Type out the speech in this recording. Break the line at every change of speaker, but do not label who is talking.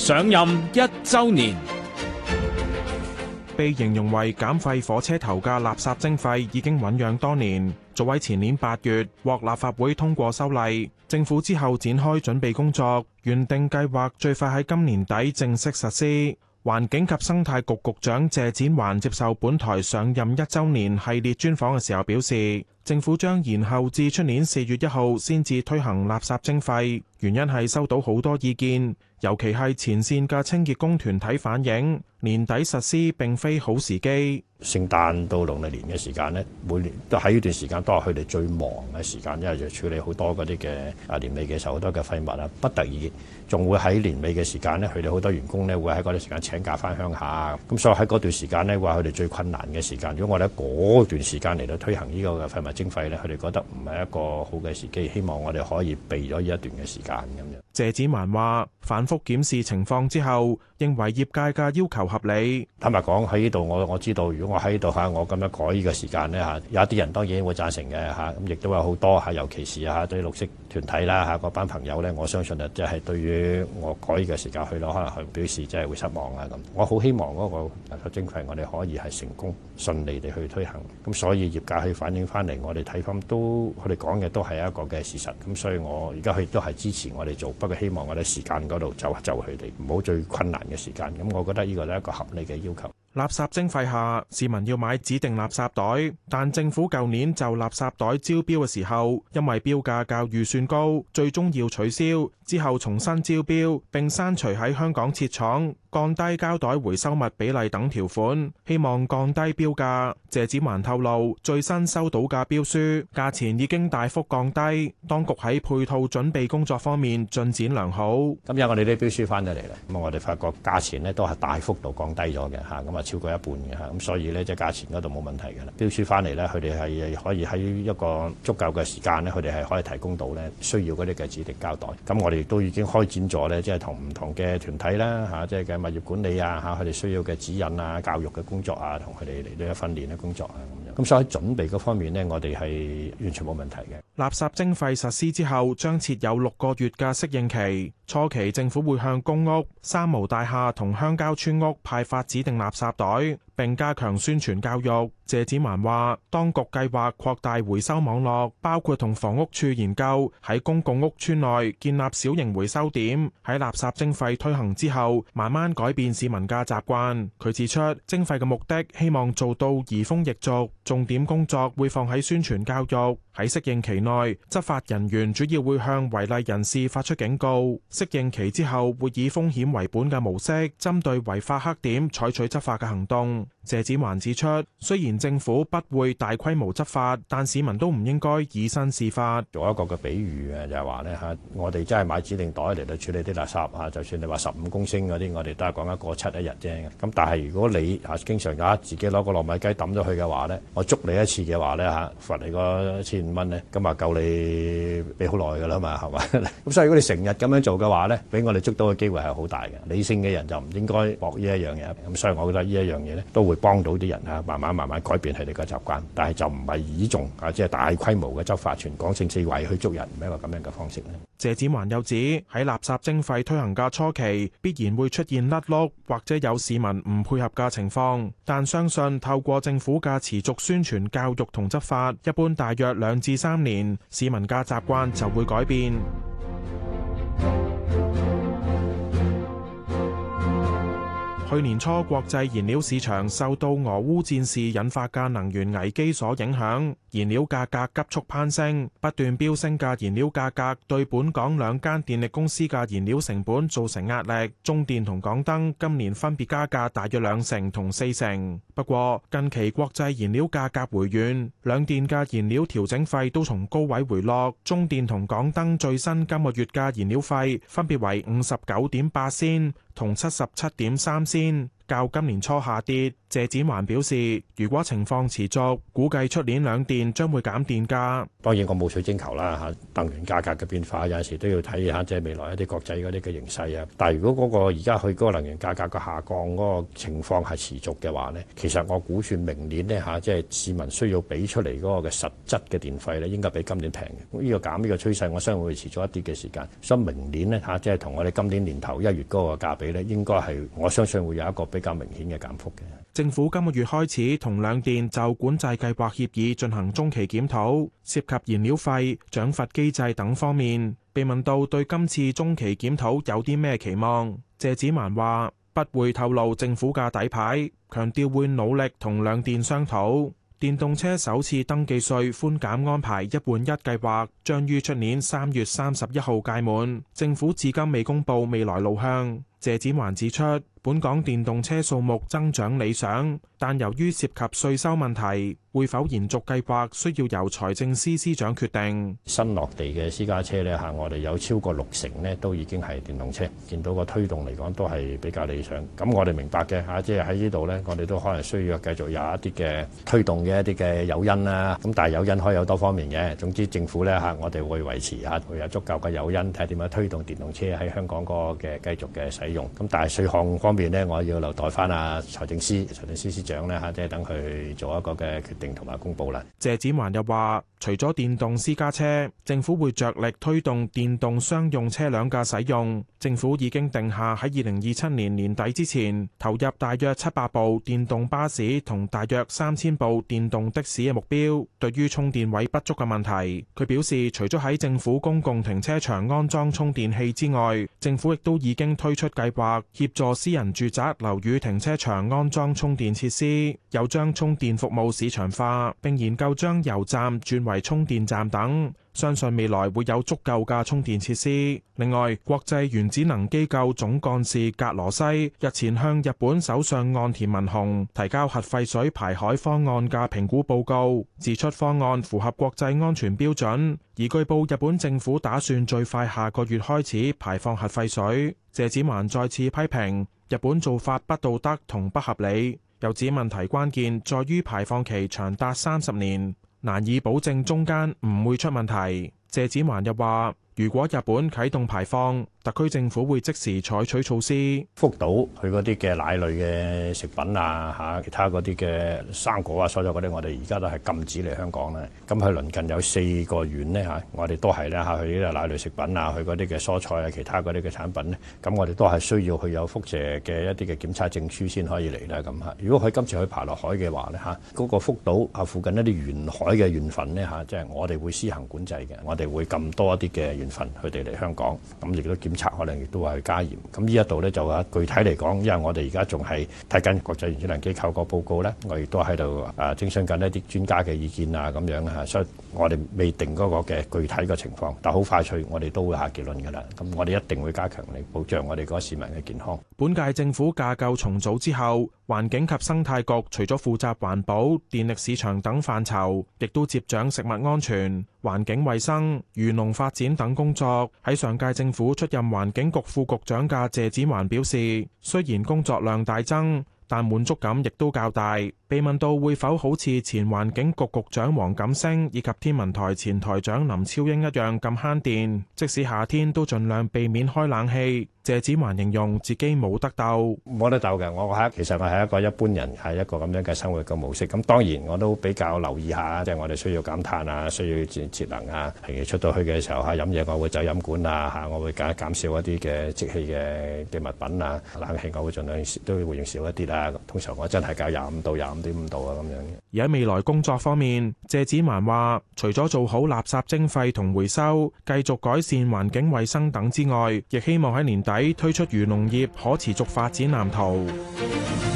上任一周年，被形容為減廢火車頭嘅垃圾徵費已經醞釀多年。早喺前年八月獲立法會通過修例，政府之後展開準備工作，原定計劃最快喺今年底正式實施。環境及生態局局長謝展寰接受本台上任一周年系列專訪嘅時候表示，政府將延後至出年四月一號先至推行垃圾徵費，原因係收到好多意見。尤其係前線嘅清潔工團體反映，年底實施並非好時機。聖誕到農曆年嘅時間咧，每年都喺呢段時間都係佢哋最忙嘅時間，因為要
處理好多嗰啲嘅啊年尾嘅時候好多嘅廢物啊。不得已仲會喺年尾嘅時間咧，佢哋好多員工咧會喺嗰段時間請假翻鄉下。咁所以喺嗰段時間咧，話佢哋最困難嘅時間。如果我哋喺嗰段時間嚟到推行呢個嘅廢物徵費咧，佢哋覺得唔係一個好嘅時
機。希望我哋可以避咗呢一段嘅時間咁樣。謝展寰話：反覆檢視情況之後，認為業界嘅要求合理。坦白講喺呢度，我我知道，如果我喺呢
度嚇，我咁樣改呢個時間呢，嚇，有一啲人當然會贊成嘅嚇，咁亦都有好多嚇，尤其是嚇對綠色團體啦嚇，嗰班朋友呢，我相信就即係對於我改呢個時間去咯，可能佢表示真係會失望啊咁。我好希望嗰、嗰個垃圾徵費我哋可以係成功順利地去推行。咁所以業界去反映翻嚟，我哋睇翻都佢哋講嘅都係一個嘅事實。咁所以我而家佢都係支持我哋做，不過希望我哋時間嗰度走走佢哋，唔好最困難。嘅時間，咁我覺得呢個都係一個合理嘅要求。
垃圾徵費下，市民要買指定垃圾袋。但政府舊年就垃圾袋招標嘅時候，因為標價較預算高，最終要取消。之後重新招標並刪除喺香港設廠、降低膠袋回收物比例等條款，希望降低標價。謝展寰透露，最新收到嘅標書價錢已經大幅降低。當局喺配套準備工作方面進展良好。今日我哋啲標書翻咗嚟啦，
咁我哋發覺價錢咧都係大幅度降低咗嘅嚇，咁超過一半嘅嚇，咁所以咧即係價錢嗰度冇問題嘅啦。標書翻嚟咧，佢哋係可以喺一個足夠嘅時間咧，佢哋係可以提供到咧需要嗰啲嘅指定交代。咁我哋亦都已經開展咗咧，即係同唔同嘅團體啦嚇、啊，即係嘅物業管理啊嚇，佢哋需要嘅指引啊、教育嘅工作啊，同佢哋嚟到一訓練嘅工作啊咁樣。咁所以喺準備嗰方面咧，我哋係完全冇問題嘅。
垃圾徵費實施之後，將設有六個月嘅適應期。初期政府會向公屋、三無大廈同鄉郊村屋派發指定垃圾袋。並加強宣傳教育。謝展寰話，當局計劃擴大回收網絡，包括同房屋處研究喺公共屋邨內建立小型回收點。喺垃圾徵費推行之後，慢慢改變市民嘅習慣。佢指出，徵費嘅目的希望做到移風易俗，重點工作會放喺宣傳教育。喺適應期內，執法人員主要會向違例人士發出警告；適應期之後，會以風險為本嘅模式，針對違法黑點採取執法嘅行動。謝展寰指出，雖然政府不會大規模執法，但市民都唔應該以身試法。做一個嘅比喻啊，就係話咧吓，我哋真係買指定袋嚟到處理啲垃圾啊，就算你話十五
公升嗰啲，我哋都係講一個七一日啫。咁但係如果你啊經常啊自己攞個糯米雞抌咗去嘅話咧，我捉你一次嘅話咧吓，罰、啊、你個千五蚊咧，咁啊夠你俾好耐噶啦嘛，係嘛？咁 所以如果你成日咁樣做嘅話咧，俾我哋捉到嘅機會係好大嘅。理性嘅人就唔應該博呢一樣嘢。咁所以我覺得呢一樣嘢咧。都會幫到啲人啊，慢慢慢慢改變佢哋嘅習慣，但係就唔係依種啊，即係大規模嘅執法、全港性四圍去捉人，一個咁樣嘅方式咧。
謝展寰又指喺垃圾徵費推行嘅初期，必然會出現甩碌或者有市民唔配合嘅情況，但相信透過政府嘅持續宣傳教育同執法，一般大約兩至三年，市民嘅習慣就會改變。去年初，國際燃料市場受到俄烏戰事引發嘅能源危機所影響，燃料價格急速攀升。不斷飆升嘅燃料價格對本港兩間電力公司嘅燃料成本造成壓力。中電同港燈今年分別加價大約兩成同四成。不過近期國際燃料價格回軟，兩電嘅燃料調整費都從高位回落。中電同港燈最新今個月嘅燃料費分別為五十九點八仙，同七十七點三先。較今年初下跌，謝展寰表示，如果情況持續，估計出年兩電將會減電價。當然我冇水晶球啦，吓，
能源價格嘅變化有陣時都要睇下，即係未來一啲國際嗰啲嘅形勢啊。但係如果嗰個而家去嗰個能源價格嘅下降嗰、嗰個情況係持續嘅話呢，其實我估算明年呢，吓，即係市民需要俾出嚟嗰個嘅實質嘅電費呢，應該比今年平嘅。呢、呢個減呢個趨勢，我相信會持續一啲嘅時間，所以明年呢，吓，即係同我哋今年年頭一月嗰個價比呢，應該係我相信會有一個比。較明顯嘅減幅嘅。
政府今個月開始同兩電就管制計劃協議進行中期檢討，涉及燃料費、獎罰機制等方面。被問到對今次中期檢討有啲咩期望，謝展寰話不會透露政府嘅底牌，強調會努力同兩電商討。電動車首次登記稅寬減安排一換一計劃，將於出年三月三十一號屆滿。政府至今未公布未來路向。謝展寰指出。本港電動車數目增長理想，但由於涉及稅收問題，會否延續計劃需要由財政司司長決定。新落地嘅私家車呢，嚇，我哋有超過六成呢都已經係電動車，見到個推動嚟講
都係比較理想。咁我哋明白嘅嚇，即係喺呢度呢，我哋都可能需要繼續有一啲嘅推動嘅一啲嘅誘因啦。咁但係誘因可以有多方面嘅，總之政府呢，嚇，我哋會維持嚇，會有足夠嘅誘因，睇下點樣推動電動車喺香港個嘅繼續嘅使用。咁但係稅項。方面呢，我要留待翻啊，財政司財政司司長咧吓，即係等佢做一個嘅決定同埋公布啦。
謝展寰又話，除咗電動私家車，政府會着力推動電動商用車輛嘅使用。政府已經定下喺二零二七年年底之前，投入大約七百部電動巴士同大約三千部電動的士嘅目標。對於充電位不足嘅問題，佢表示，除咗喺政府公共停車場安裝充電器之外，政府亦都已經推出計劃協助私人。住宅樓宇停車場安裝充電設施，又將充電服務市場化，並研究將油站轉為充電站等。相信未來會有足夠嘅充電設施。另外，國際原子能機構總幹事格羅西日前向日本首相岸田文雄提交核廢水排海方案嘅評估報告，指出方案符合國際安全標準，而據報日本政府打算最快下個月開始排放核廢水。謝展寰再次批評日本做法不道德同不合理，又指問題關鍵在於排放期長達三十年。難以保證中間唔會出問題。謝展寰又話。如果日本啟動排放，特區政府會即時採取措施。福島佢嗰啲嘅奶類嘅食品啊，嚇其他嗰啲嘅生果
啊，所有嗰啲我哋而家都係禁止嚟香港咧。咁佢鄰近有四個縣咧嚇，我哋都係咧嚇佢啲奶類食品啊，佢嗰啲嘅蔬菜啊，其他嗰啲嘅產品咧，咁我哋都係需要佢有輻射嘅一啲嘅檢測證書先可以嚟啦咁嚇。如果佢今次去爬落海嘅話咧嚇，嗰個福島啊附近一啲沿海嘅縣份咧嚇，即係我哋會施行管制嘅，我哋會禁多一啲嘅縣。佢哋嚟香港，咁亦都檢查，可能亦都會去加嚴。咁呢一度咧就啊，具體嚟講，因為我哋而家仲係睇緊國際原子能機構個報告咧，我亦都喺度啊徵詢緊一啲專家嘅意見啊，咁樣啊，所以我哋未定嗰個嘅具體個情況，但係好快脆，我哋都會下結論噶啦。咁我哋一定會加強嚟保障我哋嗰市民嘅健康。
本屆政府架構重組之後，環境及生態局除咗負責環保、電力市場等範疇，亦都接掌食物安全、環境衛生、漁農發展等。工作喺上屆政府出任環境局副局長嘅謝展寰表示，雖然工作量大增，但滿足感亦都較大。被問到會否好似前環境局局長黃錦星以及天文台前台長林超英一樣咁慳電，即使夏天都盡量避免開冷氣。謝展寰形容自己冇得鬥，冇得鬥嘅，我係其實我係一個一般人，係一個咁樣嘅生活嘅模式。咁當
然我都比較留意下，即係我哋需要減碳啊，需要節節能啊。平時出到去嘅時候嚇飲嘢，我會走飲管啊嚇，我會減減少一啲嘅即棄嘅嘅物品啊，冷氣我會盡量都會用少一啲啦。通常我真係搞廿五度廿五。啲
而喺未來工作方面，謝展寰話：除咗做好垃圾徵費同回收，繼續改善環境衛生等之外，亦希望喺年底推出漁農業可持續發展藍圖。